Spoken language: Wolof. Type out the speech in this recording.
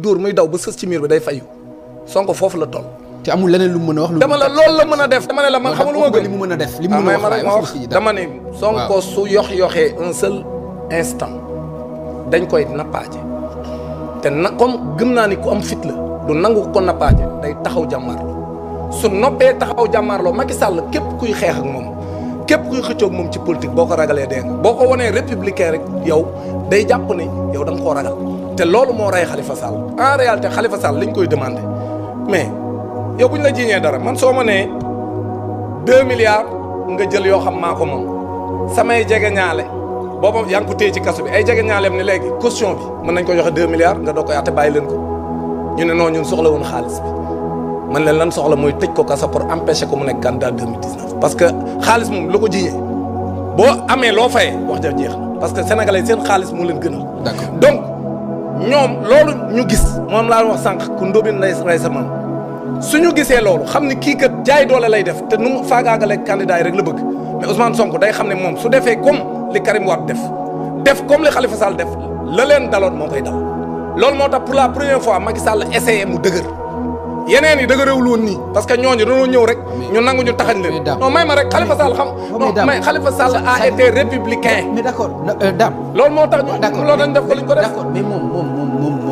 dóor muy daw ba sës ci miir bi day fayu Sonko foofu la toll. ci amul leneen lu mu mën a wax. dama la loolu la mën a def dama ne la man xamul ma gën li mu mën a def. li mu mën a ah, wax dama ne. Sonko su yox yoxee un seul instant dañ koy nappaaje te na comme gëm naa ni ku am fit la du nangu ko nappaaje day taxaw jàmmaarloo su noppee taxaw jàmmaarloo Macky sàll képp kuy xeex ak moom. képp kuy xëccoog moom ci politique boo ko ragalee dee nga boo ko wanee républicain rek yow day jàpp ne yow da nga koo ragal te loolu moo ray Khalifa Sall en réalité Khalifa Sall lañ koy demandé mais yow bu ñu la jiiñee dara man soo ma nee deux milliards nga jël yoo xam maa ko sama samay jege ñaale booba yaa ngi ko ci kaso bi ay jege ñaaleem ne léegi caution bi mën nañ ko joxe deux milliards nga doog ko yaate bàyyi leen ko ñu ne noonu ñun soxla woon xaalis man leen lan soxla pour empêcher ko mu 2019. parce que xaalis moom la ko wax parce que sénégalais seen xaalis moo gënal. donc ñoom loolu ñu gis moom laa wax sànq ku lay sa suñu gisee loolu xam ni kii kat jaay lay def nu candidat mais Ousmane Sonko day su comme le Karim def def comme Khalifa Sall def la leen daloon moo koy dal loolu pour la première fois Macky Sall essayé mu yeneen yi dëgg réewul woon nii parce que ñooñu dañoo ñëw rek ñu nangu ñu taxañ leen non may ma rek Khalifa Sall xam may Khalifa a été républicain mais d'accord euh, Dame loolu moo tax ñu loolu dañ def ko li ñu ko